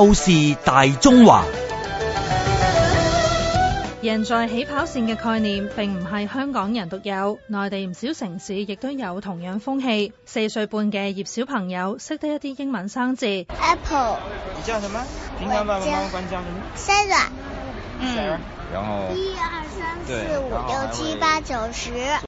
透視大中華，贏在起跑線嘅概念，並唔係香港人獨有，內地唔少城市亦都有同樣風氣。四歲半嘅葉小朋友識得一啲英文生字，Apple。然之後係咩？點解啊？你。Seven 嗯，嗯然後。一二三四五六七八九十。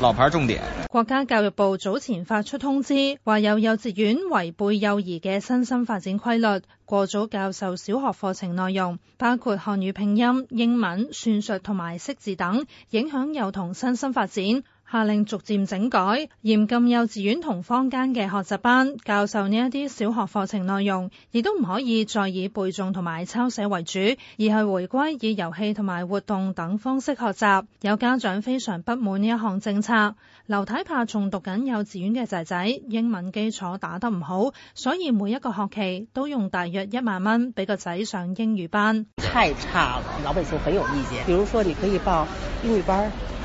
老牌重點：國家教育部早前發出通知，話有幼稚園違背幼兒嘅身心發展規律，過早教授小學課程內容，包括漢語拼音、英文、算術同埋識字等，影響幼童身心發展。下令逐漸整改，嚴禁幼稚園同坊間嘅學習班教授呢一啲小學課程內容，亦都唔可以再以背誦同埋抄寫為主，而係回歸以遊戲同埋活動等方式學習。有家長非常不滿呢一項政策。劉太怕仲讀緊幼稚園嘅仔仔英文基礎打得唔好，所以每一個學期都用大約一萬蚊俾個仔上英語班。太差了，老百姓很有意見。比如說你可以報英語班。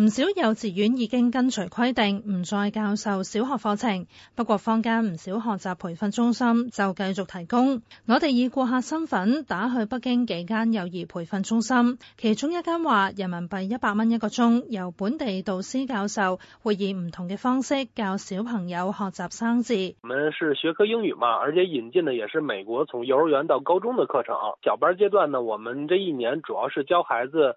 唔少幼稚園已經跟隨規定，唔再教授小學課程。不過坊間唔少學習培訓中心就繼續提供。我哋以顧客身份打去北京幾間幼兒培訓中心，其中一間話人民幣一百蚊一個鐘，由本地導師教授，會以唔同嘅方式教小朋友學習生字。我們是學科英語嘛，而且引進的也是美國從幼兒園到高中的課程。小班階段呢，我們這一年主要是教孩子。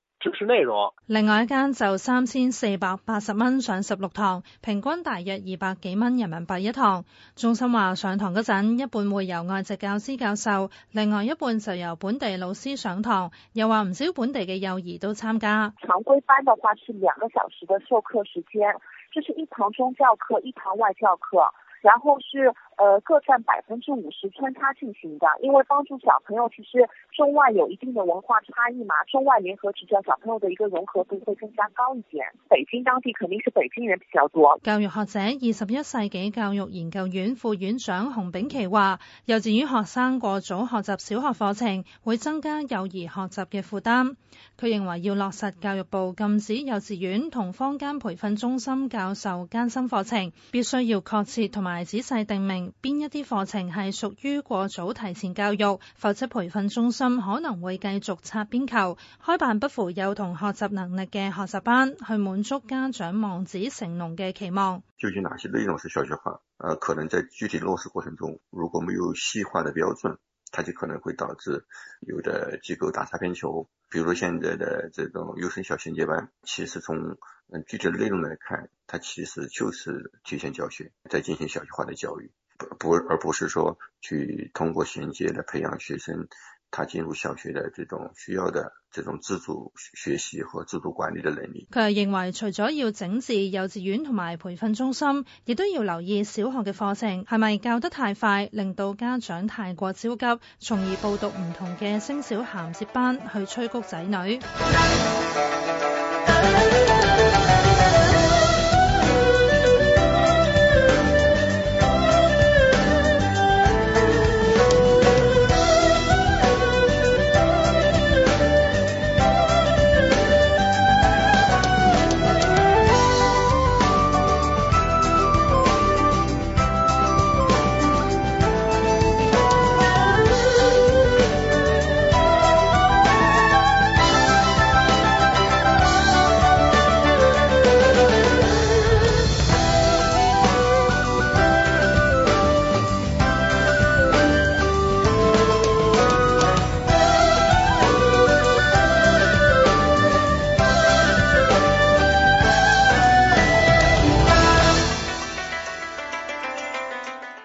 內容，另外一間就三千四百八十蚊上十六堂，平均大約二百幾蚊人民幣一堂。中心話上堂嗰陣，一半會由外籍教師教授，另外一半就由本地老師上堂，又話唔少本地嘅幼兒都參加。常規班的話是兩個小時的授課時間，就是一堂中教課，一堂外教課，然後是。呃，各佔百分之五十穿插進行的，因為幫助小朋友，其實中外有一定的文化差異嘛，中外聯合執教小朋友的一個融合度會更加高一點。北京當地肯定是北京人比較多。教育學者二十一世紀教育研究院副院長熊丙奇話，幼稚園學生過早學習小學課程會增加幼兒學習嘅負擔。佢認為要落實教育部禁止幼稚園同坊間培訓中心教授艱辛課程，必須要確切同埋仔細定明。邊一啲課程係屬於過早提前教育，否則培訓中心可能會繼續擦邊球，開辦不符幼童學習能力嘅學習班，去滿足家長望子成龍嘅期望。究竟哪些內容是小學化？誒，可能在具體落實過程中，如果沒有細化的標準，它就可能會導致有的機構打擦邊球，比如現在的這種幼升小銜接班，其實從具體的內容來看，它其實就是提前教學，再進行小學化的教育。不，而不是說去通過銜接來培養學生他進入小學的這種需要的這種自主學習和自主管理的能力。佢又認為，除咗要整治幼稚園同埋培訓中心，亦都要留意小學嘅課程係咪教得太快，令到家長太過焦急，從而報讀唔同嘅升小銜接班去催谷仔女。